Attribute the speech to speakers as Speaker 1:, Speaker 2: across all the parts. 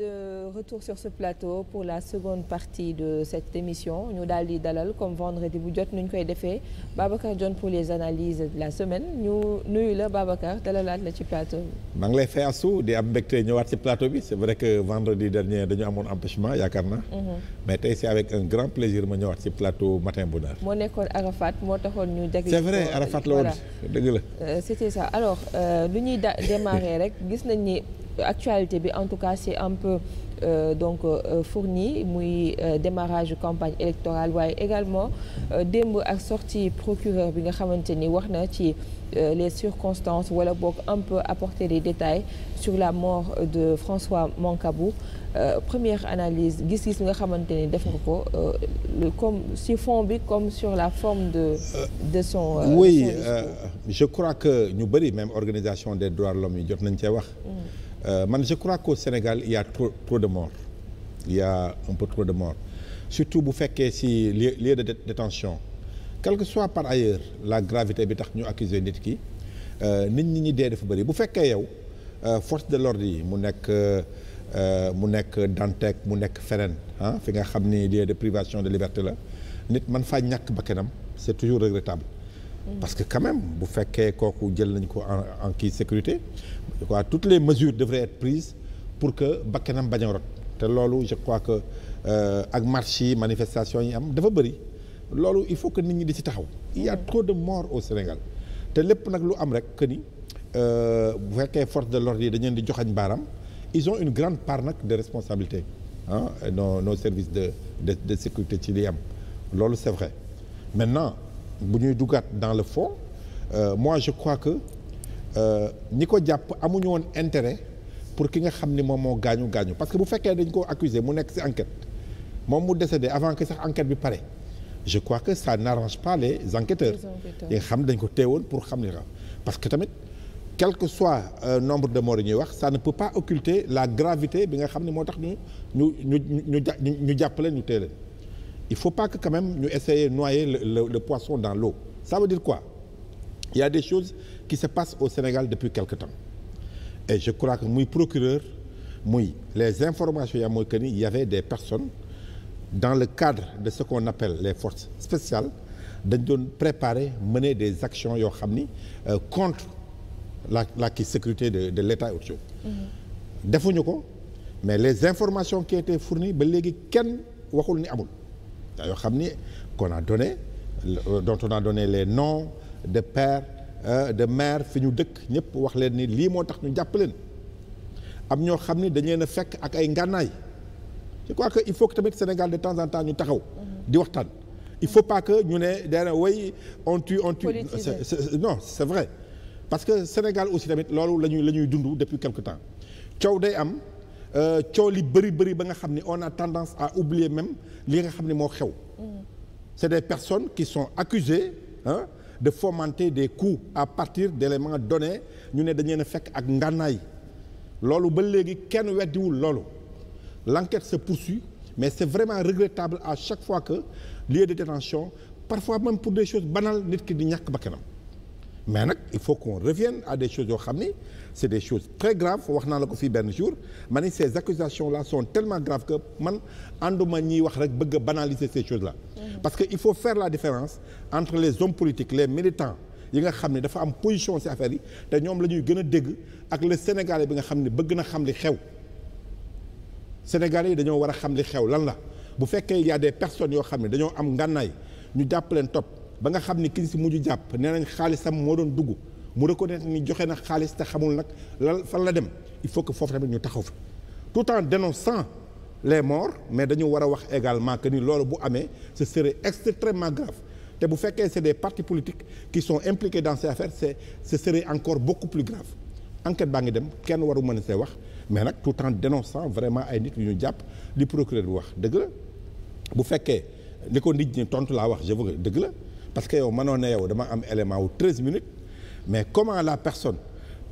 Speaker 1: de retour sur ce plateau pour la seconde partie de cette émission ñu daal di dalal comme vendredi bu jot nuñ koy defee Babacar Dione pour les analyses la semaine ñu nuyu la Babacar dalalaat la ci plateau
Speaker 2: bi. lay fay Astou di am mbégte ñëwaat ci plateau bi c'est vrai que vendredi dernier dañu amoon empêchement yaakaar na mhm. mais tey c'est avec un grand plaisir ma ñëwaat ci plateau matin bonheur.
Speaker 1: moo nekkoon Arafat moo taxoon ñu. jagleel c'est vrai Arafat actualité bi en tout cas si un peu euh, donc euh, fourni muy euh, démarrage campagne électorale waaye également démb ak sortie procureur bi nga xamante ni wax na ci les circonstances wala boog un peu apporter des détails sur la mort de François Mancabou première analyse gis-gis nga xamante ni def nga ko comme si fond bi comme sur la forme de de son oui
Speaker 2: je crois que ñu bëri même organisation des droits de l'homme yi jot nañ cee wax mm. Euh, man je crois qu'au Sénégal il y a trop de morts il y a un trop de morts surtout bu fekkee si lieu lieu de détention quel que soit par ailleurs la gravité bi tax ñu accuser nit ki euh, nit ñi ñi dee dafa bëri bu fekkee yow euh, force de l'ordre yi mu nekk mu nekk Dantec mu nekk feneen ah fi nga xam ni lieu de privation de liberté la nit man faa ñàkk bakkanam c'est toujours regrettable parce que quand bu fekkee kooku jël nañ ko en en kii sécurité je crois toutes les mesures devraient être prises pour que bakkanam bañ a te loolu je crois que euh, ak marche yi manifestation yi am dafa bëri loolu il faut que nit ñi di ci taxaw il y mm-hmm. trop de morts au Sénégal te lépp nag lu am rek que ni euh, bu fekkee force de l'ordre yi dañ di joxañ baaram ils ont une grande part nag de responsabilité ah nos nos services de de de sécurité ci li am loolu c'est maintenant bu ñuy duggaat dans le fond euh, moi je crois que euh, ñi ko jàpp amuñu woon intérêt pour ki nga xam ni moom moo gaañu gaañu parce que bu fekkee dañ ko accusé mu nekk ci enquête moom mu décédé avant que sax enquête bi pare je crois que ça n'arrange pas les enquêteurs yi nga xam dañ ko teewoon pour xam ni parce que tamit quel que soit euh, nombre de morts yi ñuy wax ça ne peut pas occulter la gravité bi nga xam ne moo tax ñu ñu ñu ñu ñu jàppale ñu tee leen il faut pas que quand ñu essayer noyer le, le, le poisson dans l'eau ça veut dire quoi il y a des choses qui se passent au Sénégal depuis quelque temps et je crois que muy procureur muy les informations yaa mooy que ni il des personnes dans le cadre de ce qu'on appelle les forces spéciales dañ doon préparer mener des actions yoo xam ni euh, contre la la sécurité de de l'État et autre mm-hmm. defuñu ko mais les informations qui étaient fournies ba léegi kenn waxul ni amul yoo xam ni qu'on a donné euh, dont on a donné les noms de pères euh, de maire fi ñu dëkk ñëpp wax leen ni lii moo tax ñu jàpp leen am ñoo xam ni dañu leen a fekk ak ay ngànnaay je crois que il faut que tamit Sénégal de temps en temps ñu taxaw di waxtaan il faut pas que ñu ne dana way on tue on tue non c'est vrai parce que Sénégal aussi tamit loolu la ñuy la ñuy dund depuis quelque temps coow day am Euh, coow li bëri bëri ba nga xam ne on a tendance à oublier même li nga xam ne moo xew. Mm. c'est des personnes qui son accusées hein, de fomenter des coups à partir de d'éléments donnés ñu ne dañu leen a fekk ak ngànnaay loolu ba léegi kenn weddiwul loolu l'enquête se poursuit mais c'est vraiment regrettable à chaque fois que lieu de détention parfois même pour des choses banales nit ki di ñàkk kenam mais nag il faut qu'on revienne à des choses yoo xam ni c'est des choses très graves wax naa la ko fii benn jour ma ni ces accusations là sont tellement graves que man ànduma ñiy wax rek bëgg a banaliser ces choses là mhm. parce que il faut faire la différence entre les hommes politiques les militants yi nga xam ne dafa am position ci affaire yi te ñoom lañuy ñuy gën a dégg ak le sénégalais bi nga xam ne bëgg na xam li xew sénégalais yi dañoo war a xam li xew lan la bu fekkee y des personnes yoo xam ne dañoo am ngànnaay ñu jàpp leen topp ba nga xam ni ki si mujj jàpp nee nañ xaalisam moo doon dugg mu ko reconnaître ni joxe na xaalis te xamul nag lan fan la dem il faut que foofu tamit ñu taxaw fi tout en dénonçant les morts mais dañu war a wax également que ni loolu bu amee ce serait extrêmement grave te bu fekkee c'est des partis politique qui son impliqués dans ces affaires ce serait encore beaucoup plus grave enquête baa ngi dem kenn waru mën see wax mais nag tout dénon dénonçant vraiment ay nit yu ñu jàpp li bi wax dëgg la bu fekkee li ko nit ñi tontu laa wax je dëgg la parce que yow mënoo ne yow dama am élément wu treize minutes mais comment la personne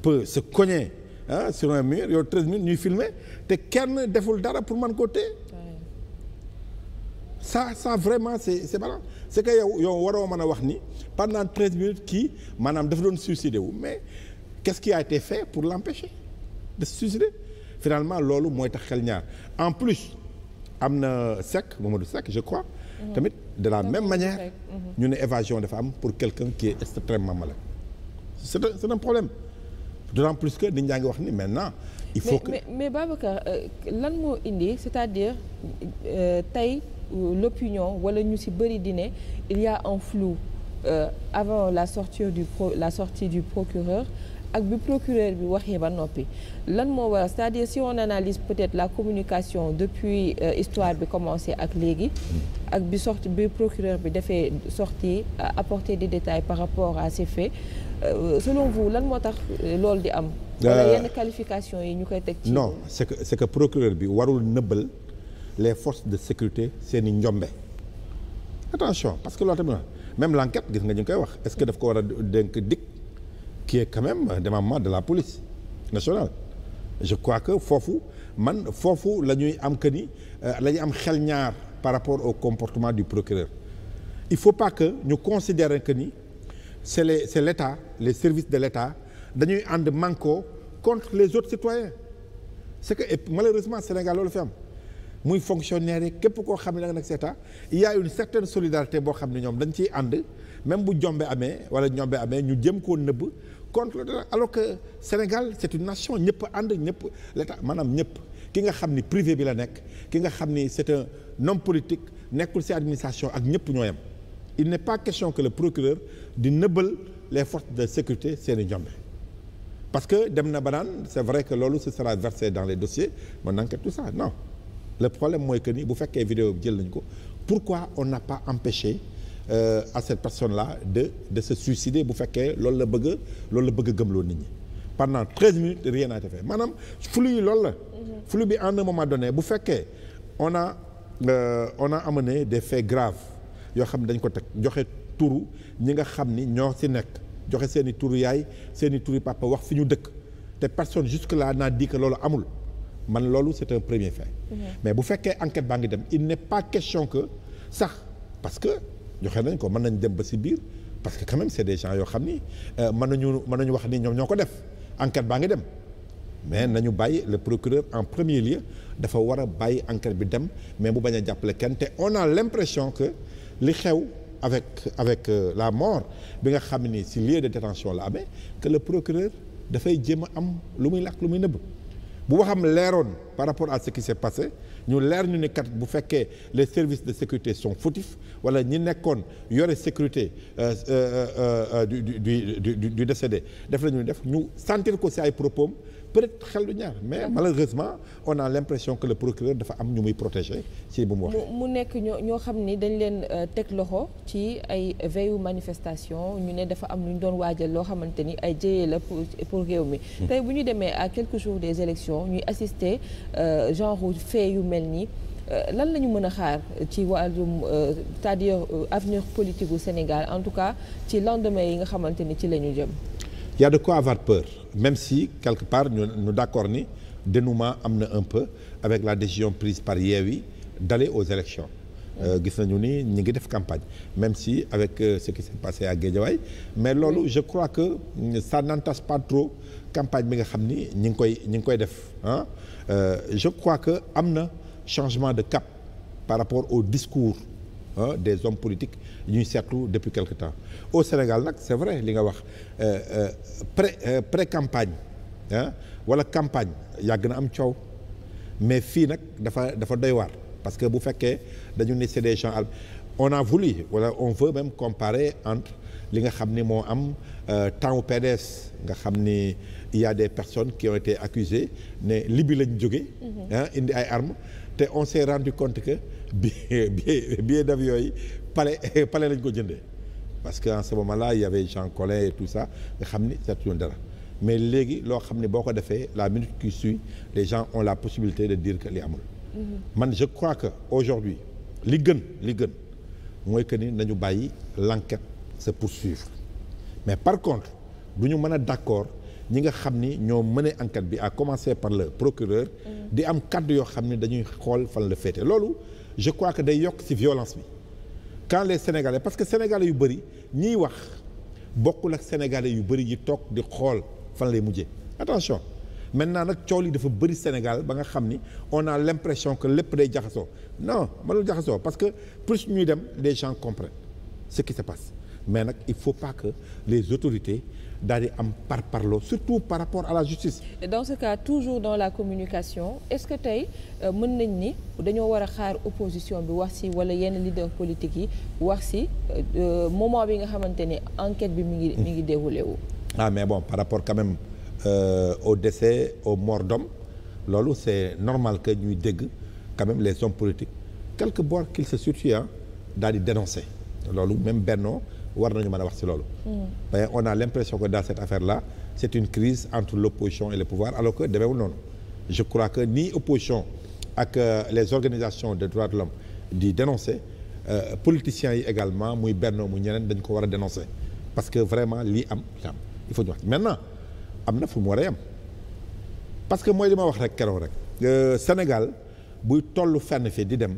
Speaker 2: peut se cogner ah sur un mur yow treize minutes ñuy filmer te kenn deful dara pour man koo téye ça ça vraiment c'est c'est marrant c'est que yow yow waroo mën a wax ni pendant treize minutes kii maanaam dafa doon suicider wu mais qu'est-ce qui a été fait pour l'empêcher de se suicider finalement loolu mooy tax xel ñaar en plus am na Seck Mamadou Seck je crois tamit de la même manière mhm. ñu ne évasion dafa am pour quelqu'un qui est extrêmement malade c'est un c'est un problème plus que nit ñaa ngi wax ni maintenant il faut mais,
Speaker 1: que mais mais euh, lan moo indi c'est-à-dire euh, l'opinion wala ñu ci bëri di ne il y un flou euh, avant la sortie du pro du procureur ak bi procureur bi waxee ba noppi lan moo waral c'est-à-dire si analyse peut-être la communication depuis euh, histoire bi commencé ak léegi ak bi sorti bi procureur bi defee sorti euh, apporter des détails par rapport à ces faits euh, selon vous lan moo tax euh, loolu di am wala euh, yenn qualification yi ñu koy teg ci non
Speaker 2: c'est que que procureur bi warul nëbbal les forces de sécurité seen i njombe attention parce que loo tamit même l'enquête gis nga ñu ngi koy wax est-ce que daf ko war a dénk dikk qui est quand même des de la police nationale je crois que foofu man foofu la ñuy am que ni euh, la am xel ñaar par rapport au comportement du procureur il faut pas que ñu considérer que ni c'est les c'est l'État les service de l'État dañuy ànd manko contre les autres citoyens c'est que et malheureusement Sénégal loolu fi am muy fonctionnaire yi képp koo xam ne da nga nekk si état il y une certaine solidarité boo xam ne ñoom dañ ciy ànd même bu jombe amee wala ñombe amee ñu jëm koo nëbb contre le dara que Sénégal c'est une nation ñëpp ànd ñëpp l'état maanaam ñëpp ki nga xam ni privé bi la nekk ki nga xam ni c'est un homme politique nekkul ci administration ak ñëpp ñoo am il n'est pas question que le procureur di nëbbal les forces de sécurité seeni njombe parce que dem na ba naan c'est vrai que loolu ce sera versé dans les dossiers mon enquête tout ça non le problème mooy que nii bu fekkee vidéo bi jël nañ ko pourquoi on n'a pas empêché Euh, à cette personne là de de se suicider bu fekkee loolu la bëgg loolu la bëgg a gëmloo nit ñi pendant treize minutes rien n'a été fait maanaam flux yi loolu la. Mhm. flux bi en un moment donné bu fekkee on a euh, on a amené des faits graves yoo xam ne dañ ko teg joxe turu ñi nga xam ni ñoo ci nekk joxe seen i turu yaay seen i turu papa wax fi ñu dëkk te personne jusque là n'a dit que loolu amul man loolu c'est un premier fait. Mhm. mais bu fekkee enquête baa ngi dem il n'est pas question joxe nañ ko mën nañ dem ba si biir parce que quand même c'est des yoo xam ni euh, mën nañu mën nañu wax ni ñoom ñoo ko def enquête baa ngi dem mais nañu bàyyi le procureur en premier lieu dafa war a bàyyi enquête bi dem mais bu bañ a jàppale kenn te on a l'impression que li xew avec avec euh, la mort bi nga xam ni si lieu de détention la amee que le procureur dafay jéem am lu muy làkk lu muy nëbb bu waxam leeroon par rapport à ce qui s'est passé ñu leer ñu ni kat bu fekkee les services de sécurité sont fautifs wala ñi nekkoon yore sécurité euh, euh, euh, du du du du décédé def la ñuy def ñu sentir ko si ay propos peut-être xel du ñaar mais malheureusement on a l'impression que le procureur dafa am ñu muy protéger ci bu mu waxee.
Speaker 1: mu nekk ñoo ñoo xam ni dañu leen euh, teg loxo ci ay veillu manifestation ñu ne dafa am lu ñu doon waajal loo xamante ni ay jëyee la pour pour réew mi. Hmm. tey bu ñu demee à quelques jours des élections ñuy assister euh, genre fait yu mel nii. Euh, lan la ñu mën a xaar ci wàllum c'est-à-dire avenir politique gu Sénégal en tout cas ci lendemain yi nga xamante ni ci la ñu jëm.
Speaker 2: y a de quoi avoir peur même si quelque part ñu ñu d'accord ni dénouement am na un peu avec la décision prise par Yewwi d'aller aux élections euh, gis nañu ni ñi ngi def campagne même si avec euh, ce qui s'est passé ak Guédiawaye mais loolu je crois que euh, ça n'entache pas trop campagne bi nga xam ni ñi ngi koy ñi ngi koy def ah je crois que am na changement de cap par rapport au discours des hommes politiques ñuy seetlu depuis quelque temps au Sénégal nag c'est vrai li nga wax euh, euh, pré euh, pré campagne ah wala campagne yàgg na am coow mais fii nag dafa dafa doy waar parce que bu fekkee dañu ne c'est des gens on a voulu wala on veut même comparer entre li nga xam ni moo am temps u pedes nga xam ni il des personnes qui ont été accusées ne Libye lañ jóge mhm. indi ay armes te on s'est rendu compte que bi billet d'avion yi palais eh, palais lañ ko jëndee parce que en ce moment là il y avait Jean Collin et tout ça nga xam ni seetuñu dara mais léegi loo xam ne boo ko defee la minute qui suit les gens ont la possibilité de diir que li amul. Mm-hmm. man je crois que aujourd'hui li gën li gën mooy que ni nañu bàyyi l'enquête se poursuivre mais par contre du ñu mën a d'accord ñi nga xam ni ñoo mëne enquête bi à commencer par la procureur. Mm. di am kàddu yoo xam ni dañuy xool fan la féete loolu je crois que day yokk ci violence quand les sénégalais parce que sénégalais yu bëri ñiy wax bokkul ak sénégalais yu bëri yi toog di xool fan lay mujjee attention maintenant nag coow li dafa bëri Sénégal ba nga xam ni on a l'impression que lépp day jaxasoo non mënul jaxasoo parce que plus ñuy dem les gens comprennent ce qui se passe mais nag il faut pas que les autorités daal di am par parloo surtout par rapport à la justice.
Speaker 1: dans ce cas toujours dans la communication est-ce que tey euh, mën nañ ni dañoo war a xaar opposition bi wax ci walla yenn leader politique yi wax ci euh, euh, moment bi nga xamante ni enquête bi mi ngi. mi ngi déroulé wu.
Speaker 2: Ah, mais bon par rapport quand même euh, au décès au morts dome loolu c'est normal que ñuy dégg quand même les hommes politiques quelque bord qu'ils se situent daal di dénoncer loolu même Benno. war nañu mën a wax ci loolu hmm. mais on a l'impression que dans cette affaire là c'est une crise entre l'opposition et le pouvoir alors que demeewul noonu je crois que ni opposition ak euh, les organisations de droits de l'homme di dénoncer euh, politiciens yi également muy Benno mu ñeneen dañu ko war a dénoncer parce que vraiment lii am li am il faut ñu wax maintenant am na fu mu war a parce que mooy li ma wax rek keroog rek euh, Sénégal buy toll fenn fii di dem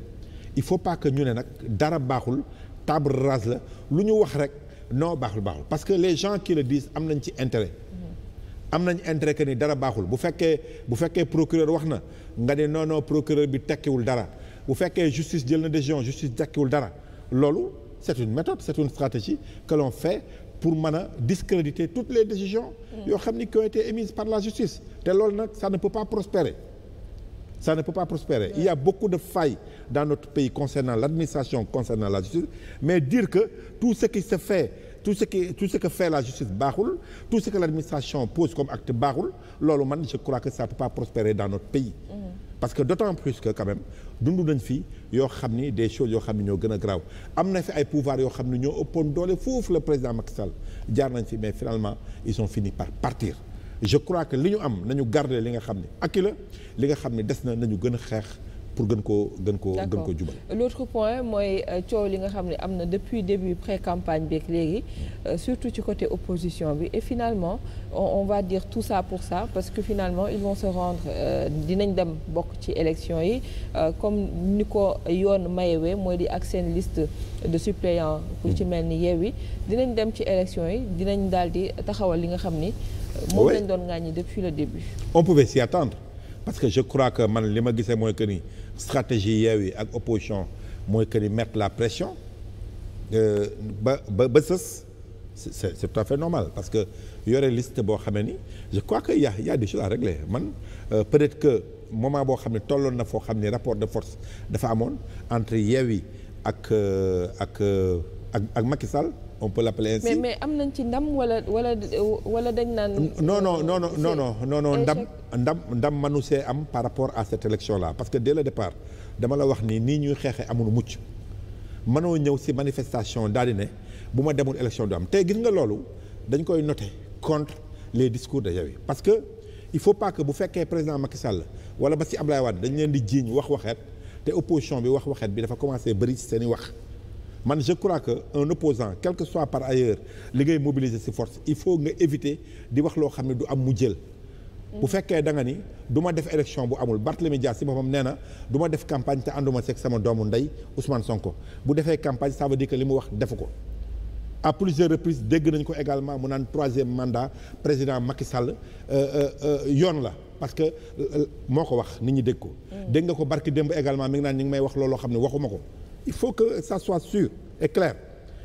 Speaker 2: il faut pas ñu ne nag dara baaxul table rase la lu ñu wax rek non baaxul baaxul parce que les gens qui le disent am nañ ci intérêt.
Speaker 1: Mm-hmm.
Speaker 2: am nañ intérêt que ni dara baaxul bu fekkee bu fekkee procureur wax na nga ne non non procureur bi tekkiwul dara bu fekkee justice jël na décision justice tekkiwul dara loolu c'est une méthode c'est une stratégie que l'on fait pour mën a discréditer toutes les décisions mm. yoo xam ni qui émise été par la justice te loolu nag ça ne peut pas prospérer ca ne peut pas prospérer. Il y a beaucoup de failles dans notre pays concernant l'administration, concernant la justice, mais dire que tout ce qui se fait tout ce qui tout ce que fait la justice baaxul tout ce que l'administration pose comme acte baaxul loolu man je crois que ça peut pas prospérer dans notre pays parce que d'autant plus que quand même dundu nañ fi yoo xam ni des choses yoo xam ni ñoo gën a graaw am na fi ay pouvoir yoo xam ni ñoo ëppoon doole foofu le président Macky Sall jaar nañ fi mais finalement ils ont fini par je crois que li ñu am nañu garder li nga xam ne akki la li nga xam ne des na nañu gën a xeex pour gën koo gën koo gën koo jubal.
Speaker 1: l'autre point mooy euh, coow li nga xam ne am na depuis début pré campagne beeg léegi mm. euh, surtout ci côté opposition bi et finalement on va dire tout ça pour ça parce que finalement ils vont se rendre euh, dinañ dem bokk ci élection yi comme ni ko yoon mayewee mooy di ak seen liste de suppléants ku ci mm. mel ni Yewwi dinañ dem ci élection yi dinañ daal di taxawal li nga xam ni. moom lañ doon ŋàññi depuis le début.
Speaker 2: on pouvait s'y attendre que je crois que man li ma gisee mooy que ni. stratégie yi ak opposition mooy que ni mettre la pression euh, ba ba ba sës c'est c'est fait normal parce que yore liste boo xamee ni je crois que y a y a à régler man euh, peut-être que moment boo xam ne tolloon na foo xam ni rapport de force dafa amoon entre Yewwi ak euh, ak ak ak Macky sal on peut l'appeler ainsi. mais
Speaker 1: mais am nañ ci ndam wala wala wala dañ naan. non non non non non
Speaker 2: non non ndam ndam ndam manu see am par rapport à cette élection là parce que dès le départ dama la wax ni nii ñuy xeexee amul mucc mënoo ñëw si manifestation daal di ne bu ma demul élection du am tey gis nga loolu dañ koy noter contre les discours de Yewwi parce que il faut pas que bu fekkee président Macky Sall wala ba si Ablaye Wade dañ leen di jiiñ wax waxeet te opposition bi wax waxeet bi dafa commencé bëri seen i wax. man je crois que un opposant quel que soit par ailleurs li ngay mobiliser ci force il faut nga éviter di wax loo xam ne du am mu jël. bu fekkee da nga ni du ma def élection bu amul Barthélemy Dias ci boppam nee na du ma def campagne te ànduma seeg sama doomu ndey Ousmane Sonko bu defee campagne ça veut li mu wax defu ko. à plusieurs reprises dégg nañ ko également mu naan troisième mandat président Macky Sall euh, euh, euh, yoon la parce que moo ko wax nit ñi dégg ko. Mm. dégg nga ko barki démb également mi ngi xam ne waxuma ko. il faut que ça soit sûr et clair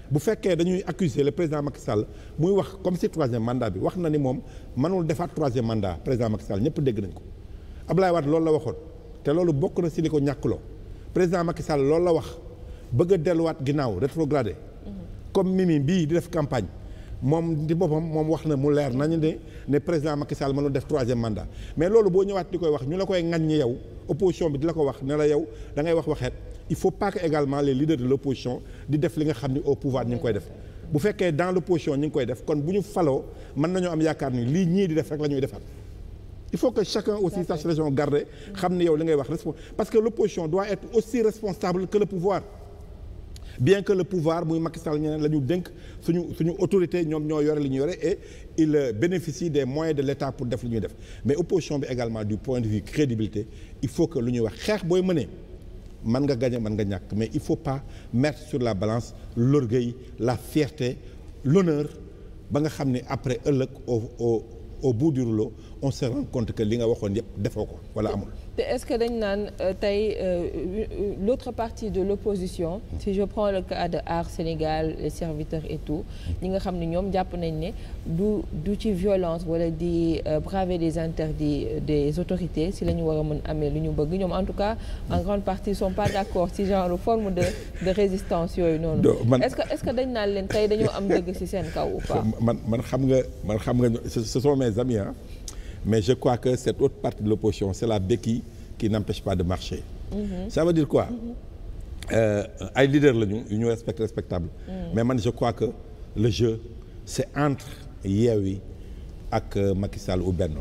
Speaker 2: bu fekkee dañuy accuser le président Macky Sall muy wax comme si troisième mandat bi wax na ni moom mënul defaat troisième mandat président Macky Sall ñëpp dégg nañ ko Abdoulaye Wade loolu la waxoon te loolu bokk na si li ko ñàkkloo président Macky Sall loolu la wax bëgg delluwaat ginnaaw rétrogradé comme Mimi bii di def campagne moom di boppam moom wax na mu leer nañu ne ne président Macky Sall mënul def troisième mandat mais loolu boo ñëwaat di koy wax ñu la koy ŋaññi yow opposition bi di la ko wax ne la yow da wax waxeet il faut pas que également les leaders de l'opposition di def li nga xam ni au pouvoir ñu ngi koy def bu fekkee dans l'opposition ñu ngi koy def kon bu ñu faloo mën nañoo am yaakaar ni lii ñii di def rek la ñuy defaat il faut que chacun aussi sache raison garder xam ne yow li ngay wax parce que l'opposition doit être aussi responsable que le pouvoir bien que le pouvoir muy Macky Sall ñeneen la ñu dénk suñu suñu autorité ñoom ñoo yore li ñu yore et il bénéficie des moyens de pour def li ñuy def mais opposition bi également du point faut que lu ñuy wax xeex booy mënee mën nga gagner mën nga ñàkk mais il faut pas mettre sur la balance l'orgueil la fierté l'honneur ba nga xam ne après ëllëg au au au bout on se rend compte li nga waxoon yëpp defoo ko wala amul
Speaker 1: te est-ce que dañ naan euh, tey l'autre euh, partie de l'opposition si je prends le cas de Aar Sénégal les serviteurs et tout ñi nga xam ne ñoom jàpp nañ ne du du ci violence wala di euh, braver des interdits des autorités si la ñu war a mën amee lu ñu bëgg ñoom en tout cas en grande partie sont pas d'accord si genre forme de de résistance yooyu noonu est-ce est-ce que dañ naan leen tey dañoo am dëgg si seen kaw ou pas
Speaker 2: man xam nga man xam nga ce sont mes amis hein mais je crois que cette autre partie de l'opposition c'est la béquille qui n'empêche pas de marcher mmh. ça veut dire quoi mhm. euh, ay leader la ñu ñu respecte respectable mhm. mais man je crois que le jeu c'est entre Yewwi ak euh, Macky Sall ou Benno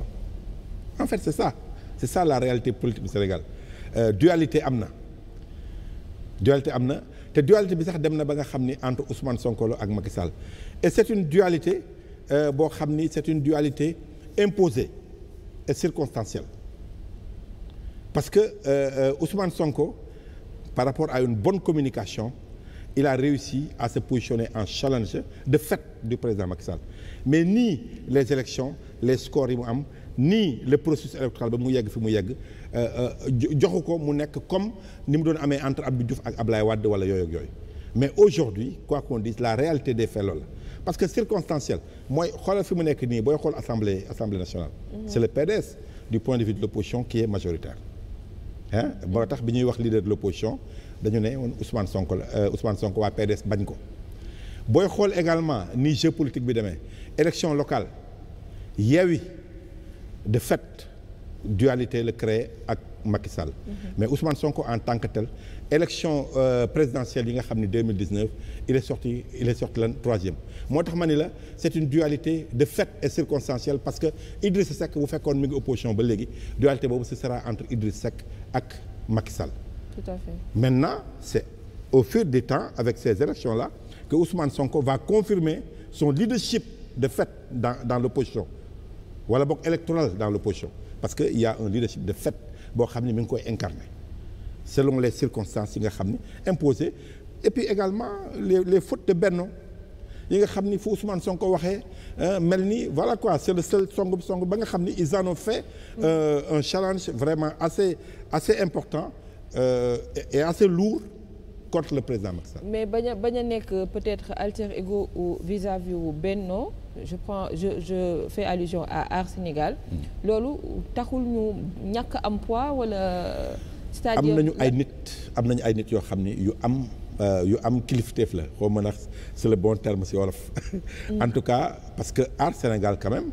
Speaker 2: en fait c'est ça c'est ça la réalité politique du Sénégal euh, dualité am na dualité am na te dualité bi sax dem na ba nga xam ni entre Ousmane Sonko ak Macky Sall et c'est une dualité euh, boo xam ni c'est une dualité imposée est circonstanciel parce que euh, euh, Ousmane Sonko par rapport à une bonne communication il a réussi à se positionner en challenger de fait du président Macky Sall mais ni les élections les scores yi mu am ni le processus électoral ba mu yegg fi mu yegg euh, euh, joxu ko mu nekk comme ni mu doon amee entre Abdou Diouf ak Ablaye Wade wala yooyu ak yooyu mais aujourd'hui quoi on dise la réalité des faits loolu la parce que circonstanciel mooy xoolal fi mu nekk nii booy xool assemblée assemblée nationale. c'est le PDS du point de vue de l'opposition qui est majoritaire. ah boo tax bi ñuy wax leader de l'opposition dañu ne woon Ousmane Sonko la euh, Ousmane Sonko waa PDS bañ ko. booy xool également ni jeu politique bi demee élection locale Yewwi de fait. dualité la créé ak Macky Sall. Mhm. mais Ousmane Sonko en tant que tel élection euh, présidentielle yi nga xam ne 2019 il est sorti il est sorti lan troisième moo tax ma ni la c'est une dualité de fait et circonstancielle parce que Idrissa Seck bu fekkoon mi ngi opposition ba léegi dualité boobu ce sera entre Idrissa Seck ak Macky Sall. tout maintenant c'est au fir du temps avec ces élections là que Ousmane Sonko va confirmer son leadership de fait dans dans l'opposition wala boog électoral dans l'opposition parce que il y a un leadership de fait boo xam ne mu ngi koy incarner selon les circonstances yi nga xam ne imposé et puis également les les fautes de Benno yi nga xam ni foo fu son ko waxee mel ni voilà quoi c'est le seul song song ba nga xam ni ils en ont fait euh, un challenge vraiment assez assez important euh, et assez lourd contre le président Macky Sall.
Speaker 1: mais bañ a bañ a nekk peut-être alter ego ou vis-à-vis wu Benno je prends je fais allusion à Aar Sénégal. Hmm. loolu taxul ñu ñàkk am poids wala.
Speaker 2: cest à am nañu ay nit am nañu ay nit yoo xam ni yu am euh, yu am kilifteef la xaw mën nag c'est le bon terme si wolof. Hmm. en tout cas parce que Aar Sénégal quand même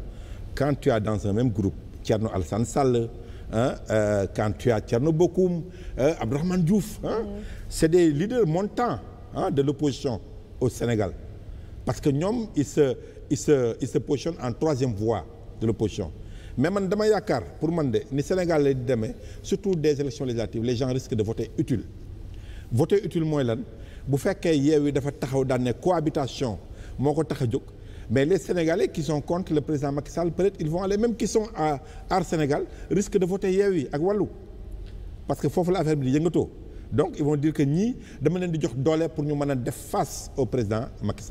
Speaker 2: dans un même group Thierno Alassane Sall. ah quand tu as Thierno Bocoum euh, Abdourahmane hmm. c'est des leaders montants hein, de l'opposition au Sénégal parce que ñoom ils se ils se ils se positionnent en troisième voie de l'opposition mais man dama yaakaar pour man de ni Sénégal la di demee surtout des élections législatives les gens risquent de voter utile voter utile mooy lan bu fekkee yeew yi dafa taxaw daan ne cohabitation moo ko tax a jóg mais les Sénégalais qui sont contre le président Macky Sall peut-être ils vont aller même qui sont à Aar Sénégal risquent de voter yi ak wàllu parce que foofu la affaire bi di donc il vont dire que ñii dama leen di jox doole pour ñu mën a def face au président Macky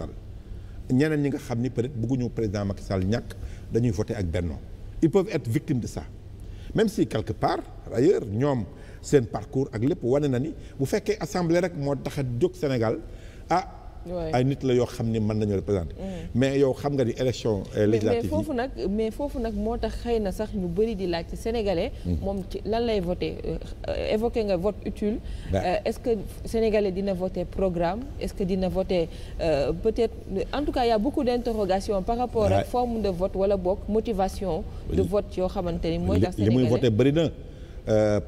Speaker 2: ñeneen ñi nga xam ni peut-être bëgguñu président Macky Sall ñàkk dañuy voter ak Benno ils peuvent être victimes de ça même si quelque part ailleurs ñoom seen parcours ak lépp wane na ni bu fekkee assemblée rek moo tax a jóg Sénégal ah. ay nit la yoo xam ni mën nañu représenter. Mm. mais yow xam nga di élection euh, législative yi mais foofu
Speaker 1: nag mais foofu nag moo tax xëy na sax ñu bëri di laaj ci sénégalais. Mm. moom ci lan lay voté euh, évoqué nga vote utile. Euh, est-ce que sénégalais dina voté programme est-ce que dina voté peut-être en tout cas y a beaucoup d'interrogations par rapport ak forme de vote wala boog motivation. de vote yoo xamante ni mooy tax sénégalais li muy voté
Speaker 2: bëri na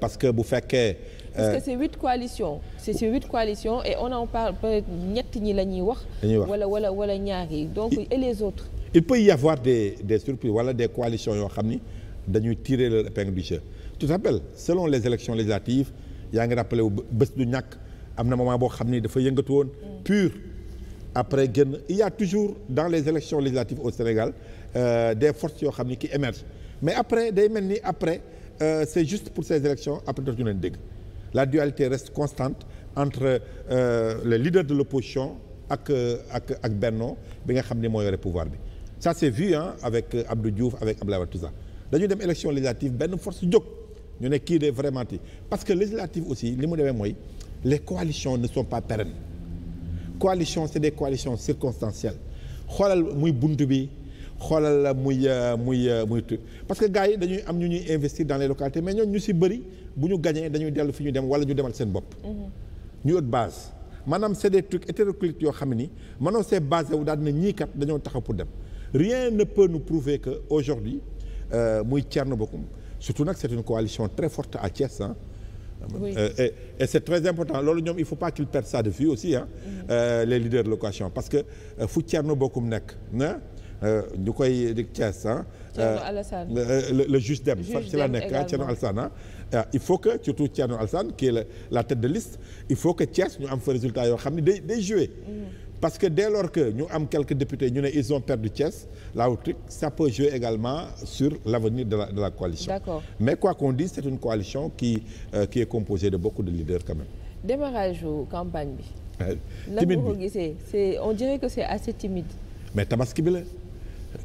Speaker 2: parce que bu fekkee. Euh, parce que
Speaker 1: c'est huit coalitions c'est ces huit coalitions et on en parle peut-être ñett ñi la wax wala wala wala ñaar yi donc et les autres
Speaker 2: il peut y des des surprises wala des coalitions yoo xam ni dañuy tirer leur épingle du jeu tu te rappelles selon les élections législatives yaa ngi rappelé bés du ñàkk am na moment boo xam ni dafa yëngatu woon mm. pur après génn il y toujours dans les élections législatives au Sénégal euh, des forces yoo xam ni ki émergent mais après day mel ni après euh, c'est pour ces élections après dégg la dualité reste constante entre euh, le leader de l'opposition ak euh, ak ak Benno bi nga xam ni moo yore pouvoir bi ça c'est vu hein avec euh, Abdou Diouf avec Abdoulaye Wade tout dañu dem élection législative benn force jóg ñu ne kii de vraiment ti parce que législative aussi li mu demee mooy les coalitions ne sont pas pérennes coalition c'est des coalitions circonstancielles xoolal muy bunt bi xoolal la muy euh, muy euh, muy parce que gars yi dañuy am ñu ñuy investi dans les localités mais ñoom ñu si bëri bu ñu gañee dañuy dellu fi ñu dem wala ñu demal seen bopp mm-hmm. ñu ëtt base maanaam c'est des trucs hétéroclites yoo xam ni mënoo see basé wu daal dina ñii kat dañoo taxaw pour dem rien ne peut prouver que aujourd'hui euh, muy Thierno Bocoum surtout nag c'est une coalition très forte à Thiès ah oui. et, c'est très important loolu ñoom il faut pas qu'ils perdent ça de vue mm-hmm. les leaders location parce que fu Thierno nekk ñu euh, koy di Thiès ah. le le juge Deme. ci la nekk Thierno Alassane il faut que surtout Thierno Alassane qui est la la tête de liste il faut que Thiès ñu am fa résultat yoo xam ne day day joué. Mm. parce que dès lors que ñu am quelques députés ñu ne ils ont perdu Thiès la truc ça peut jouer également sur l'avenir de la de la coalition. D'accord. mais quoi qu'on dise c'est une coalition qui euh, est composée de beaucoup de leaders quand même.
Speaker 1: démarrage wu campagne bi. timide on dirait que c'est assez
Speaker 2: mais tabaski bi la.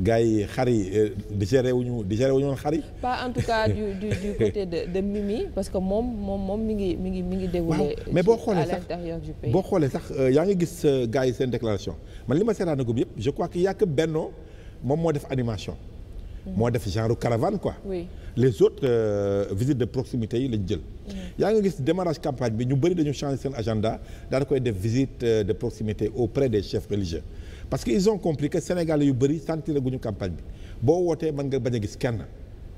Speaker 2: gars yi xar yi euh, digéré wuñu digéré wuñu woon xar yi.
Speaker 1: pas en tout cas du du du côté de Mimi parce que moom moom moom mi ngi mi ngi mi ngi déroulé. mais boo xoolee sax boo
Speaker 2: xoolee sax yaa ngi gis euh, gars yi seen déclaration man li ma seetaanagum yëpp je crois que y a Benno moom moo def animation. Mm-hmm. moo def genre caravane quoi. les autres euh, visites de proximité yi lañ jël. Mm-hmm. yaa ngi gis démarrage campagne bi ñu bëri dañu changer seen agenda daal koy def visite euh, de proximité auprès des chefs religieux. parce que ils ont compris que Sénégalais yu bëri sentir guñu campagne bi boo wootee mën nga bañ a gis kenn.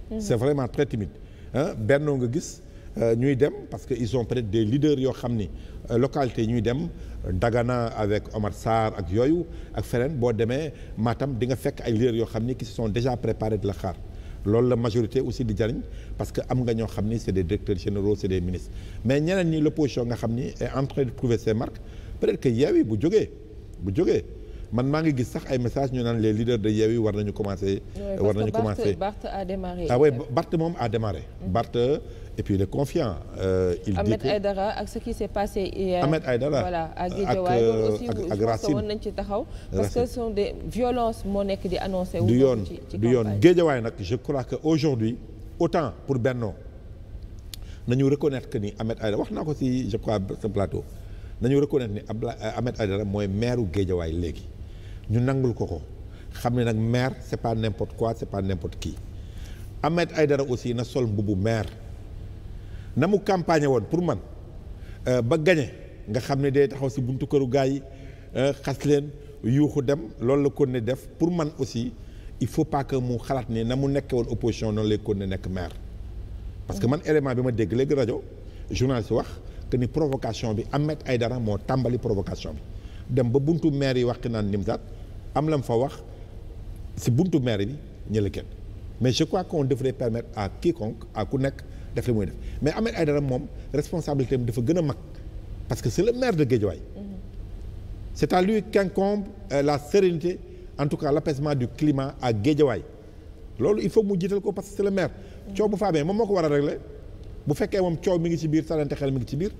Speaker 2: Mhm. c'est vraiment très timide ah bennoo nga gis. Euh, ñuy dem parce que ils ont peut-être des leaders yoo xam ni euh, localité ñuy dem Dagana avec Omar Sarr ak yooyu ak feneen boo demee Matam di nga fekk ay leaders yoo xam ni qui se sont déjà préparés de la xaar loolu la majorité aussi di jariñ parce que am nga ñoo xam ni c'est des directeurs généraux c'est des ministres mais ñeneen ñi l'opposition nga xam ni est en train de trouver ses marques bu jógee man maa ngi gis sax ay message ñu naan les leaders de Yewwi war nañu commencer. war nañu commencer Barth
Speaker 1: a démarré. ah oui
Speaker 2: Barth moom a démarré. Mm-hmm. Barth et puis il est confiant. Euh, il dit que
Speaker 1: ak ce qui s'est passé hier. Ahmed Aïdara voilà ak Guédiawaye loolu aussi je pense taxaw. parce des violences moo nekk ci ci du yoon
Speaker 2: du yoon Guédiawaye nag je crois que aujourd'hui autant pour Benno nañu reconnaître que ni Ahmed Aïdara wax naa ko ci je crois ce plateau nañu reconnaître ni Abla Ahmed Aïdara mooy maire u Guédiawaye léegi. ñu nangul ko ko xam ne nag maire c' est pas n' importe quoi c' est pas n' aussi na sol mbubu maire na mu campagne woon pour man euh, ba gañe nga xam ne day taxaw si buntu këru gaa yi euh, xas leen yuuxu dem loolu la kon ne def pour man aussi il faut pas que mu xalaat ni na mu nekkee woon opposition noonu lay kon ne nekk maire parce que man élément bi ma dégg léegi rajo journaliste wax que ni provocation bi ay dara moo tàmbali provocation bi dem ba buntu maire yi wax ki naan Nimzaat am la mu fa wax si buntu maire bi ñu la kenn mais je crois def devrait permettre a quiconque à ku nekk def li muy def mais Ahmed Aïdara moom responsabilité am dafa gën a mag parce que c'est le maire de Guédiawaye mm-hmm. c'est à lui qu'incombe euh, la sérénité en tout cas l'apaisement du climat à Guédiawaye loolu il faut mu jiital ko parce que c'est le maire mm-hmm. coow bu fa amee moom moo ko war a régler bu fekkee moom coow mu ngi ci biir salante xel mi ngi ci biir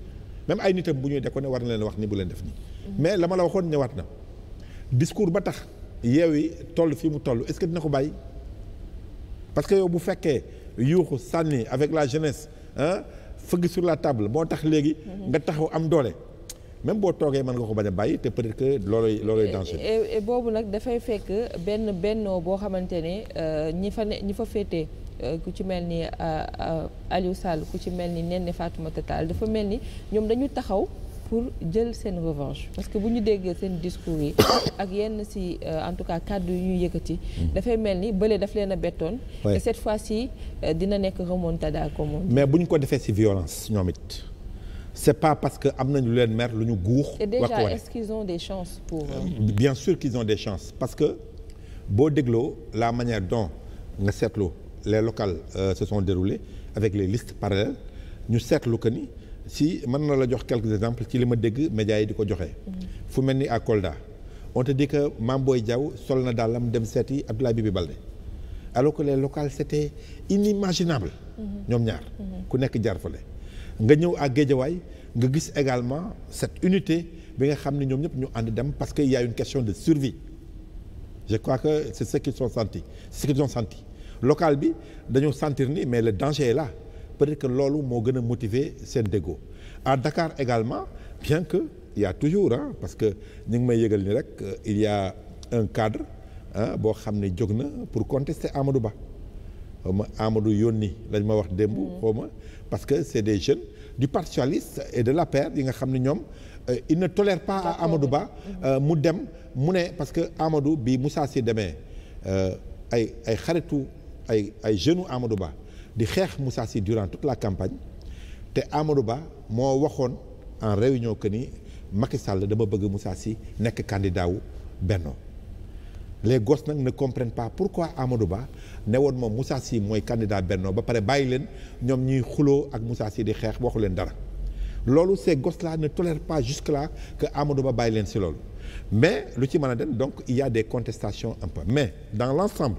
Speaker 2: même ay nitam bu ñuy déconné war na leen wax ni bu leen def nii mm-hmm. mais la ma la waxoon ñëwaat na discours ba tax yeewi toll fii mu toll est-ce que dina ko bàyyi parce que yow bu fekkee yuuxu sànni avec la jeunesse ah fëgg sur la table moo tax léegi. nga taxaw am doole. même boo toogee man nga ko bañ a bàyyi te peut-être que loolu looloy danger.
Speaker 1: boobu nag dafay fekk benn bennoo boo xamante ne euh, ñi fa ne ñi fa féetee euh, ku ci mel ni euh, Aliou Sall ku ci mel ni Néné Fatoumata Tall dafa mel ni ñoom dañu taxaw. pour jël seen revanche parce que bu ñu déggee seen discours yi ak yenn si euh, en tout cas kàddu yu ñuy yëkkati. Mm-hmm. dafay mel ni bële daf leen a bettoon. et cette fois si euh, dina nekk remontada comme on dit. mais
Speaker 2: bu ñu ko defee si violence ñoom it c'est pas parce que am nañu leen mer lu ñu guux. te déjà est-ce
Speaker 1: qu'ils ont des chances
Speaker 2: pour. Euh, bien sûr qu'ils ont des chances parce que boo dégloo la manière dont nga seetloo les locales se sont déroulées avec les listes parallèles si mën na la jox quelques exemples ci li ma dégg médias yi di ko joxe. fu mel ni à Kolda on te dit jaw Mame Boye Diaw sol na dàllam dem seeti Abdoulaye Bibi Baldé alors que les locales c'était inimaginable. Mm-hmm. ñoom ñaar. Mm-hmm. ku nekk jaar fale nga ñëw à Guédiawaye nga gis également cette unité bi nga xam ni ñoom ñëpp ñu ànd dem parce que il y une question de survie je crois que c'est ce qu'ils ont senti c'est ce qu'ils ont senti local bi dañoo sentir ni mais le danger est peut-être que loolu moo gën a motiver seen déggoo à Dakar également bien que il y toujours ah parce que ñu ngi may yëgal ni rek euh, il y un cadre boo xam ne jóg na pour contester Amadou Ba xaw ma Amadou yónni lañ ma wax démb. Mm-hmm. ma parce que c'est des jeunes du Parti socialiste et de la l'APR yi nga xam ne ñoom euh, il ne tolère pas à Amadou Ba mm-hmm. euh, mu dem mu ne parce que Amadou bi Moussa si demee ay ay xaritu ay ay jeunes Amadou Ba. di xeex Moussa si durant toute la campagne te Amadou Ba moo waxoon en réunion que ni Macky Sall dama bëgg Moussa si nekk candidat wu Benno les gosses nag ne comprennent pas pourquoi Amadou Ba ne woon moom Moussa Sy mooy candidat bennoo ba pare bàyyi leen ñoom ñuy xuloo ak Moussa Sy di xeex waxu leen dara loolu ces gosses là ne tolèrent pas jusque là que Amadou Ba bàyyi leen si loolu mais lu ci mën a dem donc il y a des contestations un mais dans l'ensemble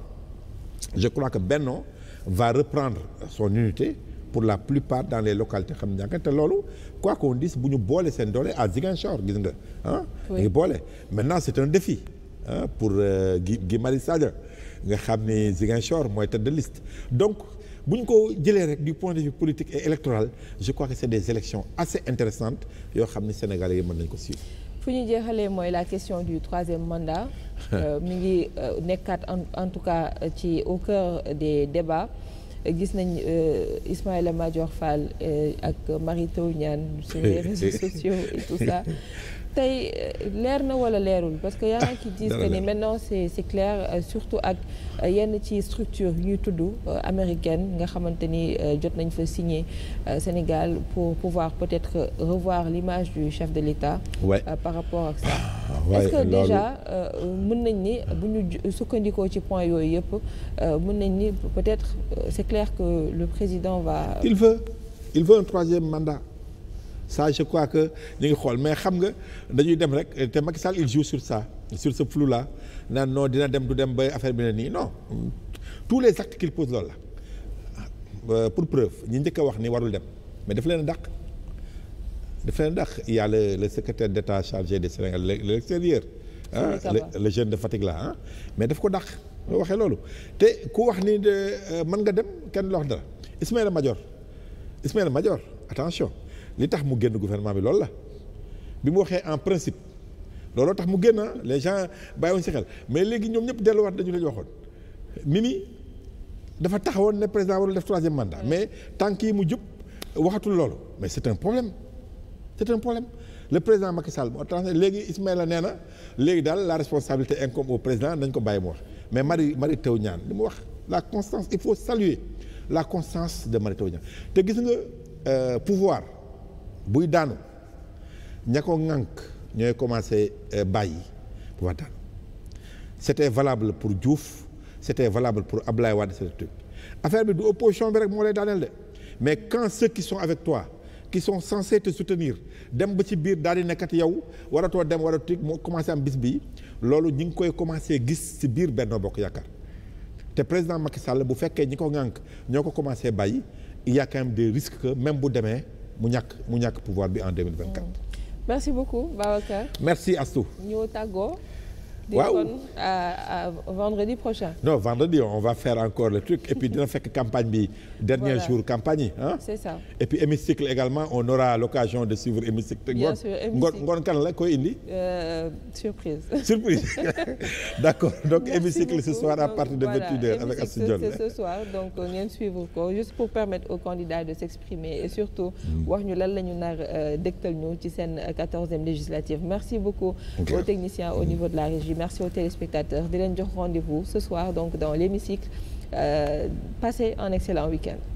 Speaker 2: je crois que Benno va reprendre son unité pour la plupart dans les localités xam njànka te loolu quoi qu'on dise bu ñu boole seen doole à Ziguinchor gis nga ah ngi boole maintenant c'est un défi ah, pour euh, Guy Guy Marius nga xam ni Ziguinchor mooy tête de liste donc bu ñu ko jëlee rek du point de vue politique et électoral je crois que c'est des élections assez intéressantes yoo xam ni Sénégalais yi mën nañ ko suivre
Speaker 1: fu ñu jeexalee mooy la question du troisième mandat Euh, mi ngi euh, nekkaat en tout cas euh, ci au cœur des débats gis nañ Ismaïla Madior Fall ak Mary Teuw Niane sur les réseaux sociaux et tout ça tey euh, leer na wala leerul parce que y en a qui disent que ni maintenant c'est c'est clair euh, surtout ak euh, yenn ci structure ñuy tudd américaine nga xamante ni jot nañ fa signer Sénégal pour pouvoir peut-être revoir l'image du chef de l'État par rapport ak ça ah,
Speaker 2: est-ce que déjà
Speaker 1: mën nañ ni bu ñu sukkandikoo ci point yooyu yëpp mën nañ ni peut-être c'est clair que le président va il
Speaker 2: veut il veut un troisième mandat ça je crois que ñu ngi xool mais xam nga dañuy dem rek te Macky Sall il jour sur ça sur ce flou là naan non dina dem du dem ba affaire bi ne nii non tous les actes qu'il pose loolu la ah, euh, pour preuve ñu njëkk a wax ni warul dem mais daf leen a dàq daf leen a dàq il y le le secrétaire d'État chargé de Sénégalais de l'extérieur ah le jeune de Fatick la mais daf ko dàq loo waxee loolu te ku wax ni de euh, mën nga dem kenn loox dara Ismaïla Madior Ismaïla Madior attention li tax mu génn gouvernement bi loolu la bi mu waxee en principe looloo tax mu génn les gens bàyyiwuñ si xel mais léegi ñoom ñëpp delluwaat dañu la ñu waxoon Mimi dafa taxawoon ne président warul def troisième mandat mm. mais tant que mu jub waxatul loolu mais c'est un problème c'est un problème le président Macky Sall moo tax léegi Ismaïla nee na léegi daal la responsabilité incombe au président nañ ko bàyyi mu wax mais Mary Mary tew ñaan li mu wax la constance il faut saluer la constance de Mary Teuw Niane te gis nga euh, pouvoir buy daanu ña ko ŋànk ñooy commencé euh, bàyyi bu ma daanu c'était valable pour Diouf c'était valable pour Ablaye Wade c'était affaire bi du opposition bi rek moo lay daaneel de mais quand ceux qui sont avec toi qui sont censés te soutenir dem ba ci biir daal di nekkat yow waratoo dem waratoo moo commencé am bis bi loolu ñi ngi koy commencé gis si biir Benno Bokk Yaakaar te président Macky Sall bu fekkee ñi ko ŋànk ñoo ko commencé bàyyi il y des risques même bu demee mu ñàkk mu ñàkk pouvoir bi en 2024. Mm.
Speaker 1: merci beaucoup Babacar.
Speaker 2: merci Astou.
Speaker 1: ñu tàggoo. waaw vendredi prochain.
Speaker 2: non vendredi on va faire encore le truc et puis dina fekk campagne bi. dernier jour campagne yi ah. c'est ça et puis hémicycle également on aura l'occasion de suivre hémicycle. ngoon kan la koy indi.
Speaker 1: Euh, surprise. surprise
Speaker 2: d'accord donc hémicycle ce soir à partir de 21h avec Astou Dione ce
Speaker 1: soir donc euh, ngeen suivre ko juste pour permettre aux candidats de s'exprimer et surtout. Mm. wax ñu lan la ñu nar euh, dégtal ñu ci sen quatorzième législative merci beaucoup. aux techniciens au ji merci aux téléspectateurs di leen jox rendez-vous ce soir donc dans l'hémicycle euh, passez un excellent week-end